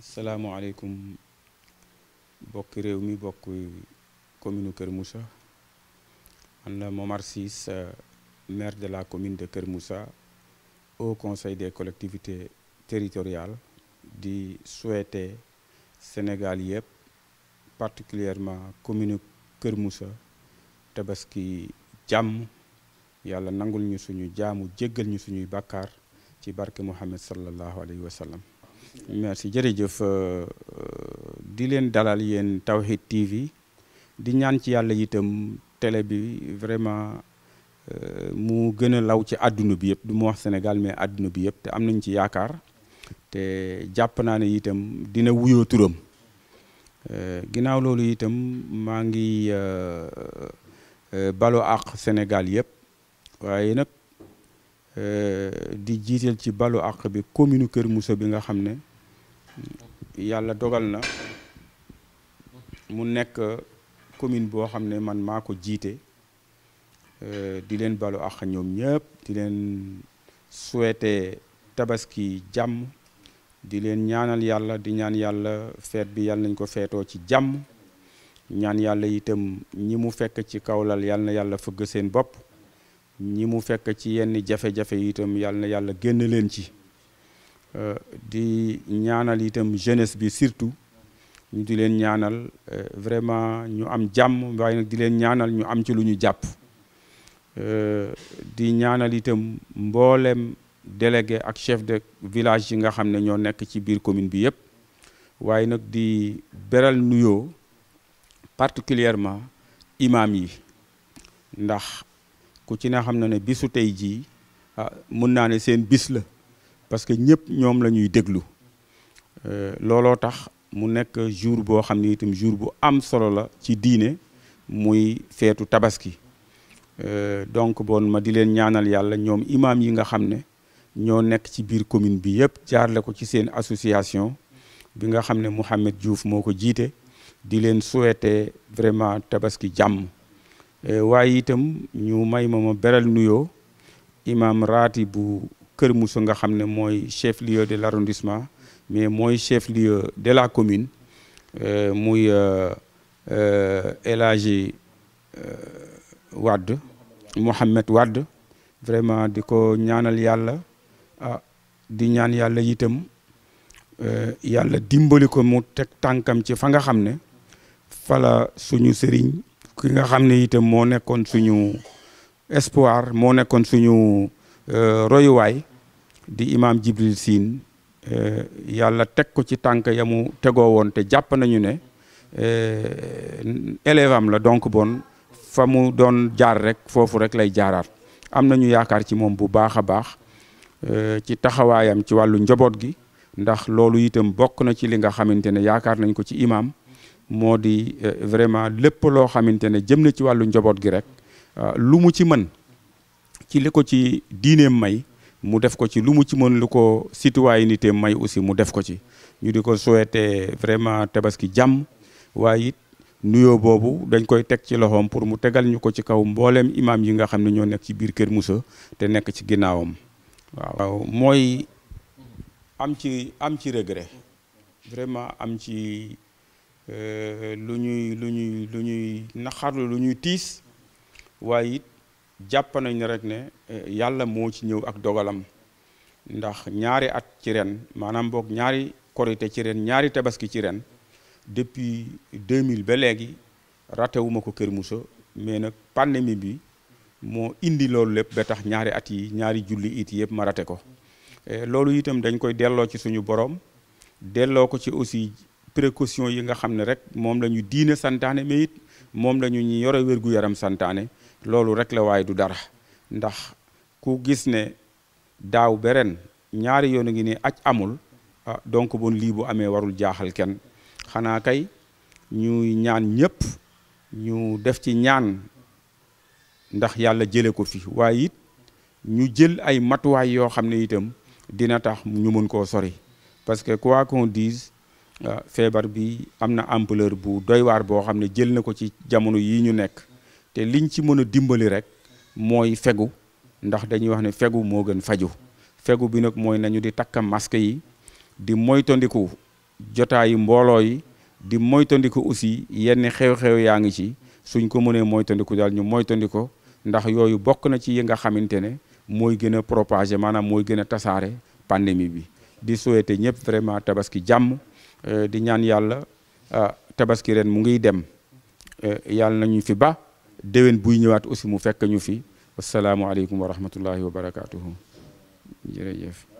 salaamualeykum bokk réew mi bokk commune Kër Moussa man la Momar euh, maire de la commune de Kër Moussa au conseil des collectivités territoriales di souhaiter Sénégal yëpp particulièrement commune Kër Moussa tabaski jàmm yàlla nangul ñu suñu jaamu jéggal ñu suñuy bàkkaar ci barke Muhammad sallallahu alayhi wa sallam merci jërëjëf euh, euh, di leen dalal yéen Tawhid TV di ñaan ci yàlla itam télé bi vraiment euh, mu gën a law ci àdduna bi yëpp du mu wax Sénégal mais adduna bi yëpp te am nañ ci yaakaar te jàpp naa ne itam dina wuyoo turam ginnaaw loolu itam maa ngi balo àq Sénégal yëpp waaye nag Euh, di jiital ci balu àq bi commune Kër Moussa bi nga xam ne yàlla dogal na mu nekk commune boo xam ne man maa ko jiite euh, di leen balu àq ñoom ñëpp di leen souhaiter tabaski jàmm di leen ñaanal yàlla di ñaan yàlla feet bi yàlla nañ ko feetoo ci jàmm ñaan yàlla itam ñi mu fekk ci kawlal yàlla na yàlla fëgg seen bopp ñi mu fekk ci yenn jafe-jafe itam yàlla na yàlla génn leen ci euh, di ñaanal itam jeunesse bi surtout ñu di leen ñaanal euh, vraiment ñu am jàmm waaye nag di leen ñaanal ñu am ci lu ñu jàpp euh, di ñaanal itam mboolem délégué ak chef de village yi nga xam ne ñoo nekk ci biir commune bi yëpp waaye nag di beral nuyo particulièrement imam yi ndax ku ci ne xam na ne bisu tey jii ah mun naa ne seen bis la parce que ñëpp ñoom la ñuy déglu euh, looloo tax mu nekk jour boo xam ne itam jour bu am solo la ci diine muy feetu tabaski euh, donc bon ma di leen ñaanal yàlla ñoom imaam yi nga xam ne ñoo nekk ci biir commune bi yëpp jaarle ko ci seen association bi nga xam ne Mouhamed Diouf moo ko jiite di leen souhaiter vraiment tabaski jàmm Eh, waaye itam ñu may ma beral nuyoo imaam raati bu Kër Moussa nga xam ne mooy chef lieu de l' arrondissement mais mooy chef lieu de la commune eh, muy euh, euh, El Hadji euh, Wade Mouhamed Wade vraiment di ko ñaanal yàlla ah di ñaan yàlla itam eh, yàlla dimbali ko mu teg tànkam ci fa nga xam ne fala suñu sëriñ ki nga xam ne itam moo nekkoon suñu espoir moo nekkoon suñu euh, royuwaay di imaam Jibril Sine euh, yàlla teg ko ci tànk yamu mu tegoo woon te jàpp nañu ne euh, élève am la donc bon fa mu doon jaar rek foofu rek lay jaaraat am nañu yaakaar ci moom bu baax a baax ci taxawaayam ci wàllu njaboot gi ndax loolu itam bokk na ci li nga xamante ne yaakaar nañ ko ci imaam moo di euh, vraiment lépp loo xamante ne jëm na ci wàllu njaboot gi rek euh, lu mu ci man ci li ko ci diineem may mu def ko ci lu mu ci mën lu ko citoyenneté may aussi mu def ko ci ñu di ko souhaiter vraiment tabaski jàmm waaye it nuyoo boobu dañ koy teg ci loxoom pour mu tegal ñu ko ci kaw mbooleem imaam yi nga xam ne ñoo nekk ci biir Kër Moussa te nekk ci ginnaawam waaw mooy am ci am ci regret vraiment am ci Euh, lu ñuy lu ñuy lu ñuy naqarlu lu ñuy tiis waaye it jàpp nañ ne rek euh, yàlla moo ci ñëw ak dogalam ndax ñaari at ci ren maanaam boog ñaari korité ci ren ñaari tabaski ci ren depuis mille ba léegi ratewuma ko Kër Moussa mais nag pandémie bi moo indi loolu lépp ba tax ñaari at yi ñaari julli it yëpp ma rate euh, loolu itam dañ koy delloo ci suñu borom delloo ci aussi précaution yi nga xam ne rek moom lañu diine santaane mais it moom lañu ñu ñu yore wér yaram santaane loolu rek la waaye du dara ndax ku gis ne daaw beren ñaari yoon a ngi ne aj amul ah, donc bon lii bu amee warul jaaxal kenn xanaa kay ñuy ñaan ñëpp ñu def ci ñaan ndax yàlla jële ko fi waaye it ñu jël ay matuwaay yoo xam ne itam dina tax ñu mën koo sori parce quoi qu'on dise Euh, feebar bi am na empleur bu doy waar boo xam ne jël na ko ci jamono yi ñu nekk te liñ ci mën a dimbali rek mooy fegu ndax dañuy wax ne fegu moo gën faju fegu bi nag mooy nañu di takka masque yi di moytandiku jotaayu mbooloo yi di moytandiku aussi yenn xew-xew yaa ngi ci suñ ko mënee moytandiku daal ñu moytandiko ndax yooyu bokk na ci yi nga xamante ne mooy gën a propager maanaam mooy gën a tasaare pandémie bi di souhaiter ñëpp vraiment tabaski jàmm Euh, di ñaan yàlla ah, tabaski ren mu ngiy dem euh, yàlla nañu fi ba déwén buy ñëwaat aussi mu fekk ñu fi wasalaamualeykum wa rahmatullahi wa barakaatuhu jërëjëf